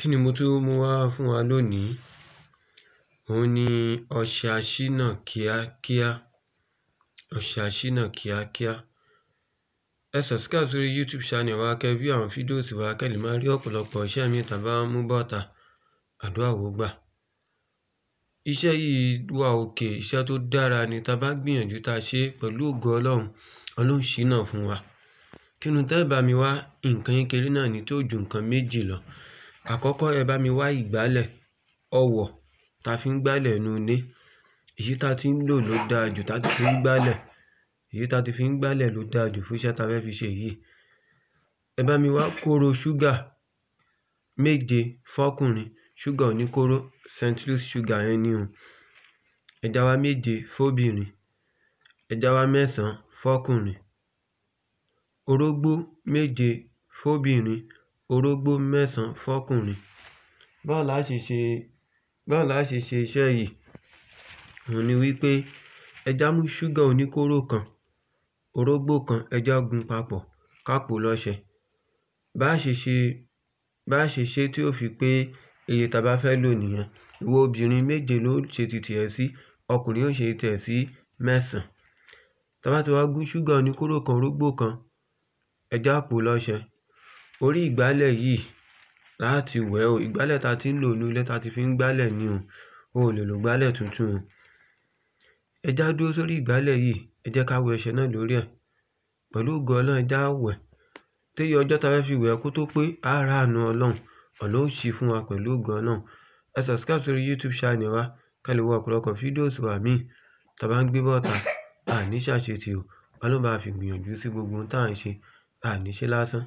Kí ni mo tún mú wá fún wa lónìí? Òun ni ọṣẹ aṣínà kíákíá, ọṣẹ aṣínà kíákíá. Ẹ subscribe sórí YouTube channel wa kẹ́ view àwọn fídíòs wa kẹ́ lè máa rí ọ̀pọ̀lọpọ̀ iṣẹ́ mi tàbí mú bọ́ta àdúrà wò gbà. Iṣẹ́ yìí wà òkè, iṣẹ́ tó dára ni ta bá gbìyànjú ta ṣe pẹ̀lú ògo Ọlọ́run, Ọlọ́run ṣíná fún wa. Kí ni tẹ́ mi wá? Ǹkan kékeré náà ni tí ó ju ǹkan méjì lọ àkọ́kọ́ ẹ bá mi wá ìgbálẹ̀ ọwọ̀ ta fi ń gbálẹ̀ inú ilé èyí ta ti ń lò ló dáa jù ta ti fi ń gbálẹ̀ èyí ta ti fi ń gbálẹ̀ ló dáa jù fún iṣẹ́ ta fẹ́ fi ṣe yìí ẹ bá mi wá kóró ṣúgà méje fọ́kùnrin ṣúgà oníkóró st louis ṣúgà yẹn ni o ẹja wa méje fóbìnrin ẹja wa mẹ́sàn-án fọ́kùnrin orógbó méje fóbìnrin orógbó mẹ́sàn-án fọ́kùnrin. Báwo la ṣe ṣe, báwo la ṣe ṣe iṣẹ́ yìí? Òun ni wípé ẹja mú ṣúgà oníkóró kan, orógbó kan, ẹja gun papọ̀, ká pòó lọ́ṣẹ. Bá ṣe ṣe, bá ṣe ṣe tí ó fi pé iye ta bá fẹ́ lò nìyẹn. Ìwọ obìnrin méje ló ṣe titi ẹ sí, ọkùnrin ó ṣe ti ẹ sí mẹ́sàn-án. Tí a bá ti wá gún ṣúgà oníkóró kan, orógbó kan, ẹja pòó lọ́ṣẹ. Orí ìgbálẹ̀ yìí láti wẹ̀ o. Ìgbálẹ̀ ta tí ń lò nínú ilé ta ti fi ń gbálẹ̀ ni o. O ò lè lo ìgbálẹ̀ tuntun o. Ẹ já dúró sórí ìgbálẹ̀ yìí, ẹ jẹ́ ká wẹ ọṣẹ náà lórí ẹ̀. Pẹ̀lú ògo Ọlọ́run, ẹ já wẹ̀. Téye ọjọ́ ta fẹ́ fi wẹ̀ kó tó pé, ara ràánú Ọlọ́run. Ọlọ́run ó ṣí fún wa pẹ̀lú ògo Ọlọ́run. Ẹ subscribe sórí YouTube channel wa kí lè wo ọ̀pọ̀lọpọ̀ fídíòs wa mí ta bá ń gbé bọ́ta. A ní ṣàṣetì o. Ọlọ́run bá fi gbìyànjú sí gbogbo ohun tí à ń ṣe. A ṣe lásán.